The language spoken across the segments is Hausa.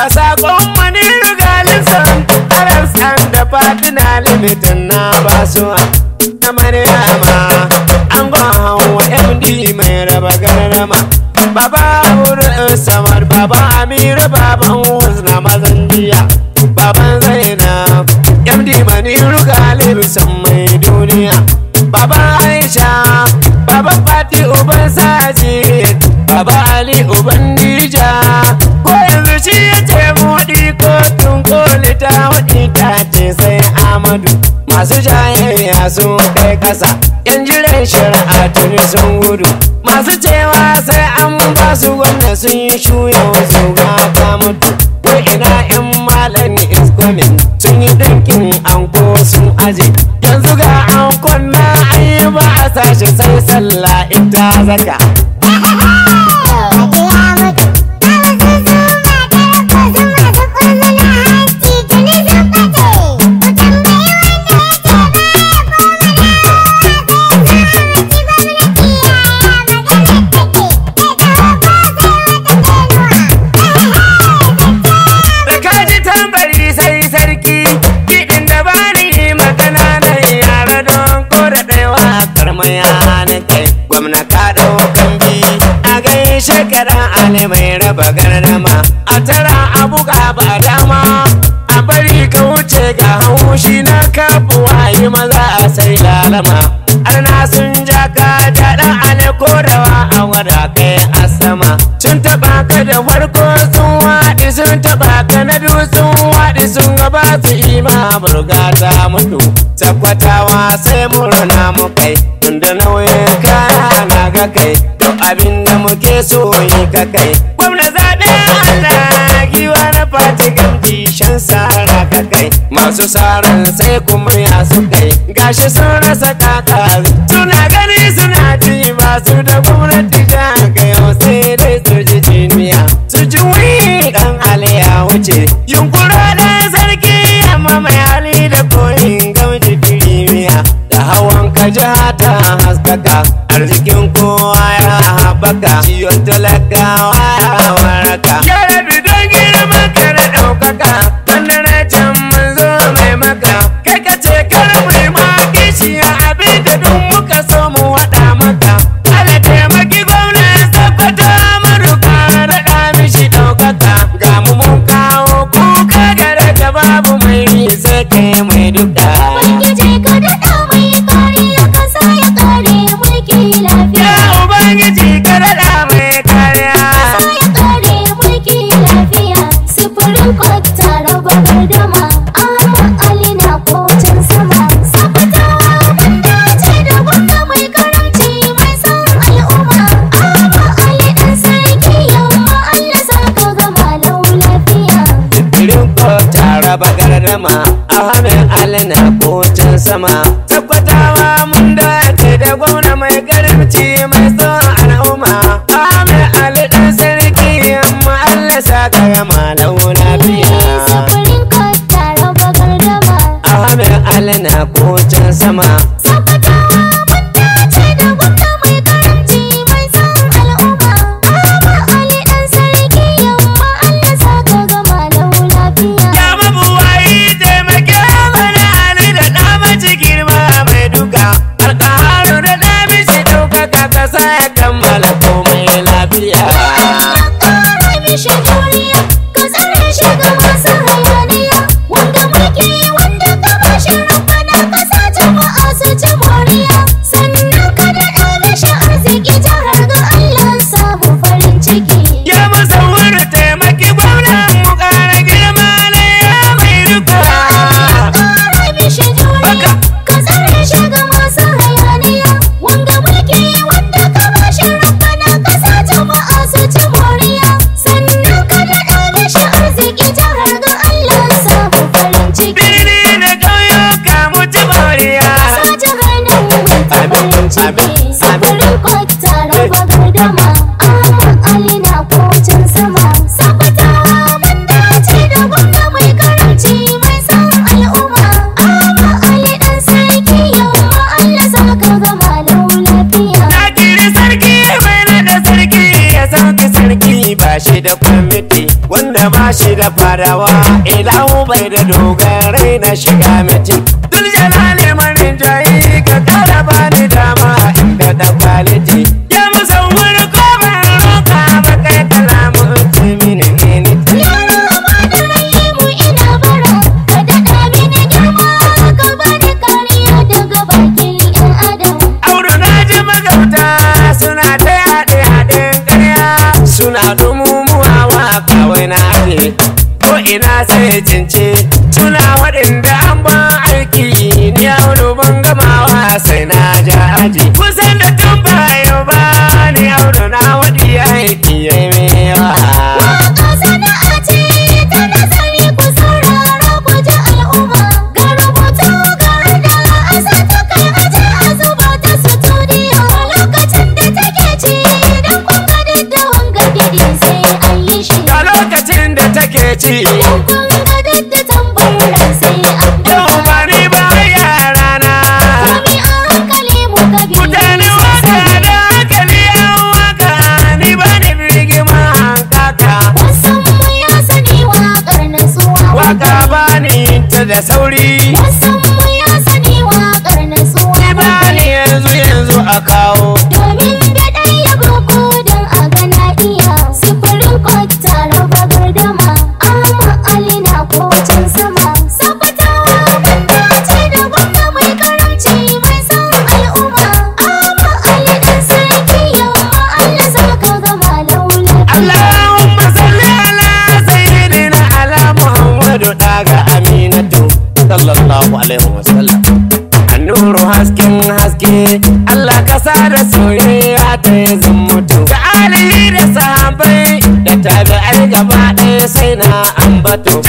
ga sakon mani rigalisan Aras and da Fatina limitin na Ba basuwa na ma. an hawa MD mai raba garama Baba Huru Samar Baba Amira Baban na mazan jiya Baban Zainab MD mani rigalisan mai duniya Baba Aisha Baba Fati Uban Sajid Baba Ali hakika ce sai amadu masu jayayya sun kai kasa yan jire shara'a tuni sun gudu masu cewa sai an ba su wanda sun yi shuya wasu gata mutu ko ina yan malami is coming sun yi dinkin anko sun aje yanzu ga ankon na an yi ba a sashi sai sallah ita zaka bagar dama. a tara a buga ba dama a bari ka wuce ga haushi na kafuwa yi maza a sai lalama arna sun ja ka daɗa ne korawa a wada kai a sama sun taɓa ka da farko sun waɗi sun taɓa ka na biyu sun waɗi sun gaba su ima burga ta mutu tabbatawa sai murna mu kai tunda nauyin kaya na ga kai to abin da muke so yi ka kai sara ka kai masu saran sai kuma ya su kai gashi sun rasa kakari suna gani suna ji masu da gwamnati tija ga yau sai dai su ji jiniya su ji wuyi dan aliya wuce yunkuro da sarki amma mai hali da koyin gamji dirimiya da hawan ka jiha ta haskaka arzikin kowa ya haɓaka ciyon talakawa zama tabbatawa mun dace da gwamna mai garabci mai son al'umma Ahmed Ali dan sarki amma Allah saka ya malau lafiya Ahmed Ali na kocin sama sabe sabe kwata raba gardama aman alina kocin sama sabata man dace da gwamna mai karanci mai san al'umma aman ali dan sarki yamma allah saka gama lau lafiya takiri sarki mai nada sarki ya saki sarki bashi da kwamiti wanda bashi da farawa ilahu bai da dogarai na shiga mitin sai na ja aji na ambato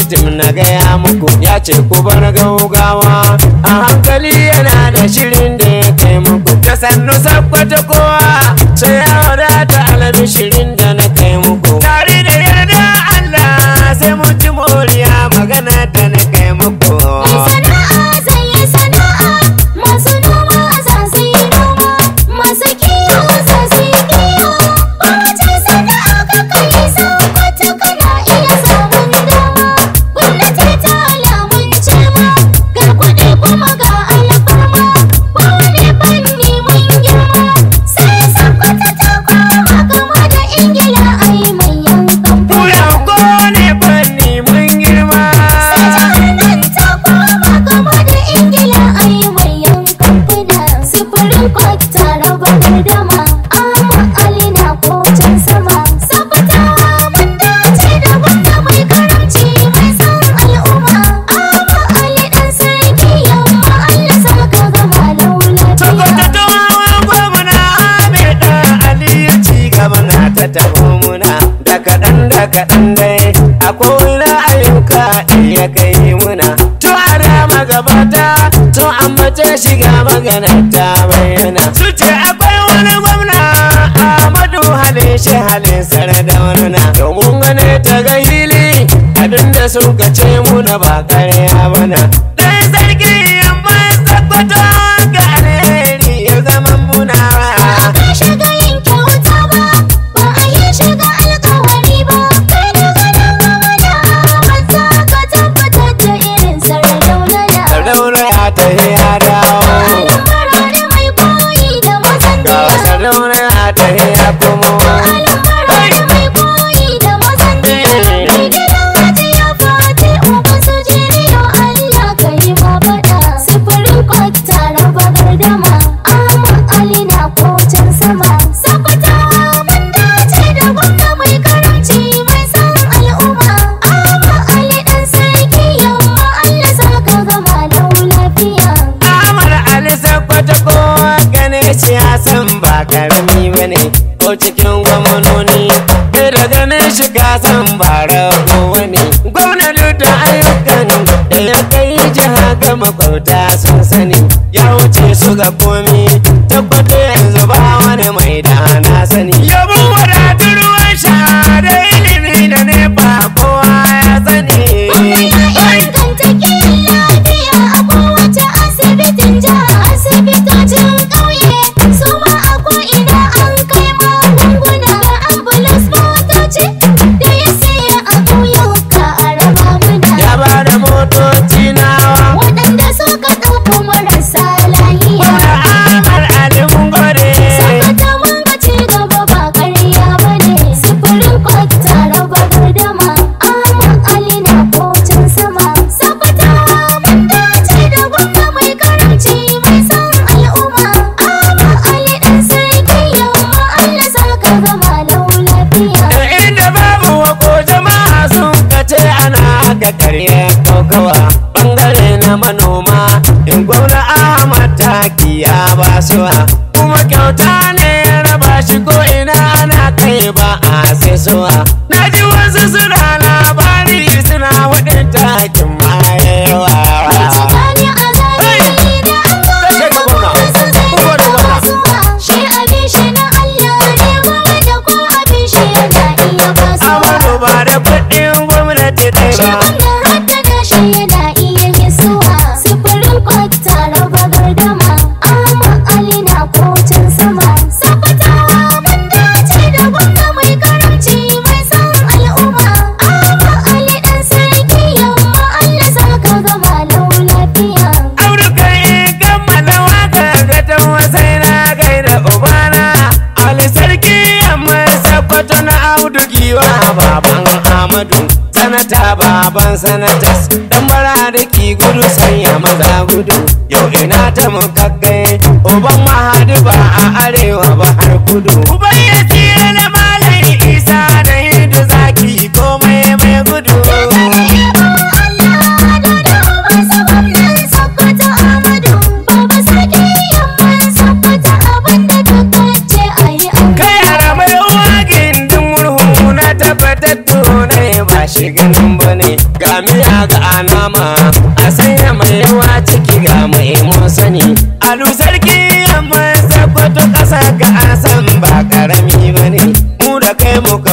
sitemnake amuku yachekubon kaɗan dai akwai ayyuka ya kai muna to a da gabata, to an mace shiga magana ta bayyana su ce akwai wani gwamna amadu halin shi halin sardaunana domin gane ta ga hili abinda suka ce muna ba kare mana dai sarki yamma sakwato por that maka karya kokowa bangare na manoma in gwamna ahmad ta kiya basuwa kuma kyauta ne ya raba shi ko ina na kai ba a sai suwa na ji wasu suna labari suna waɗin takin ma yawa sabon sanatas dan bara da ki gudu sanya maza gudu yau ina ta mun uban mahadi ba a arewa ba har kudu na ka a sanya mai yawa ciki ga mai sani alu sarki amma sabato kasa ka asan ba karami bane mu da kai ka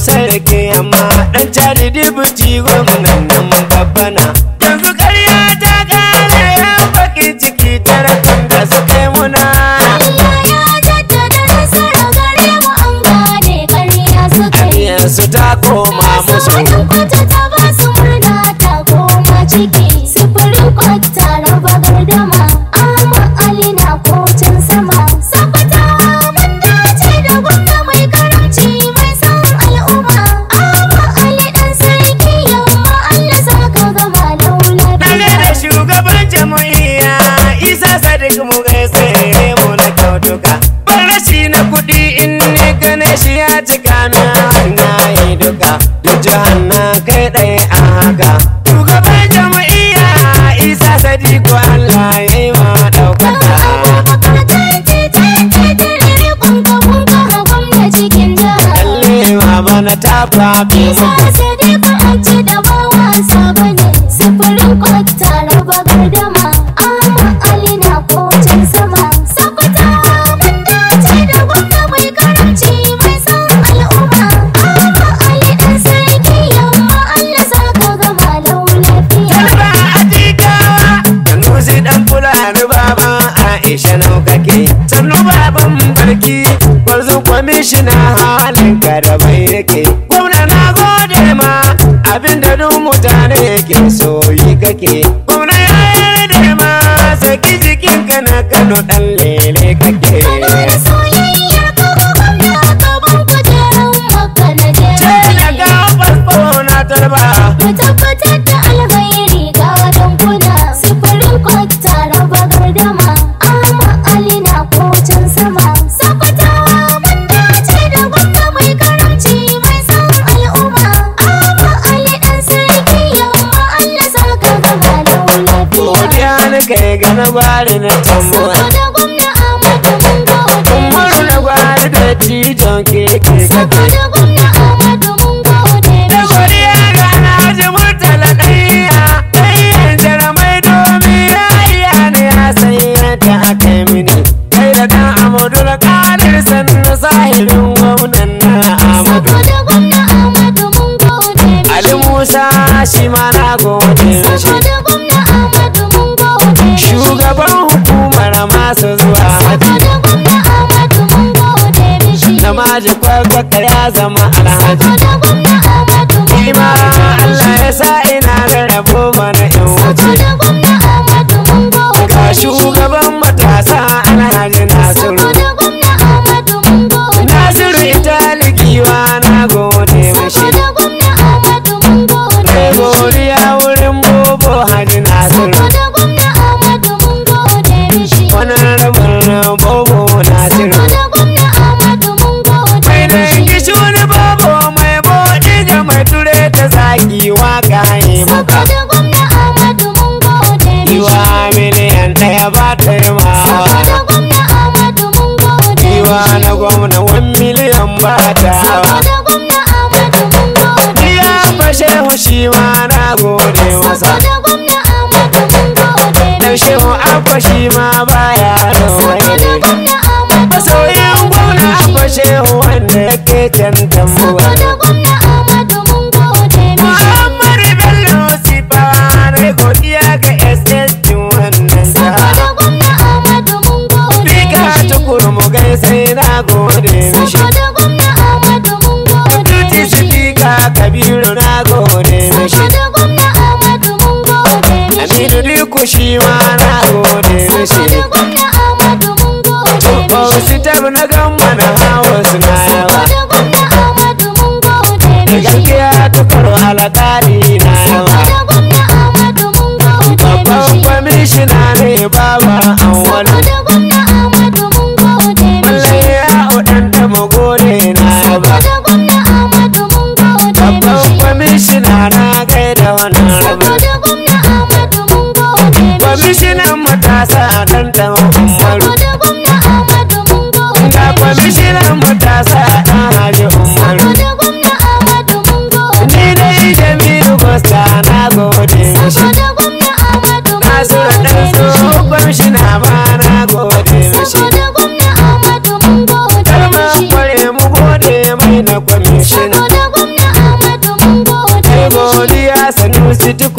sarki amma dan cari dibuti gwamnan nan babbana yanzu kariya ta ƙara yan bakin ciki tarakan da su kai muna su ta koma musu Isa sadi ba a ce da ba wasa ba ne, sufurin kwata raba gardama, amma Ali na kocin sama. Sakwata wanda ce da gwamna mai karanci mai san al'umma, amma Ali ɗan sarki yamma Allah sa ka gama lau lafiya. Tarba a jigawa, Sanusi ɗan Fulani baban Aisha nau kake, sannu baban barki, kwarzo kwamishina halin ka soyi kake nobody to tell me garba na gama na hawan suna yawa da gaskiya ta karo alƙali na yawa babban kwamishina ne baba an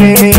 me.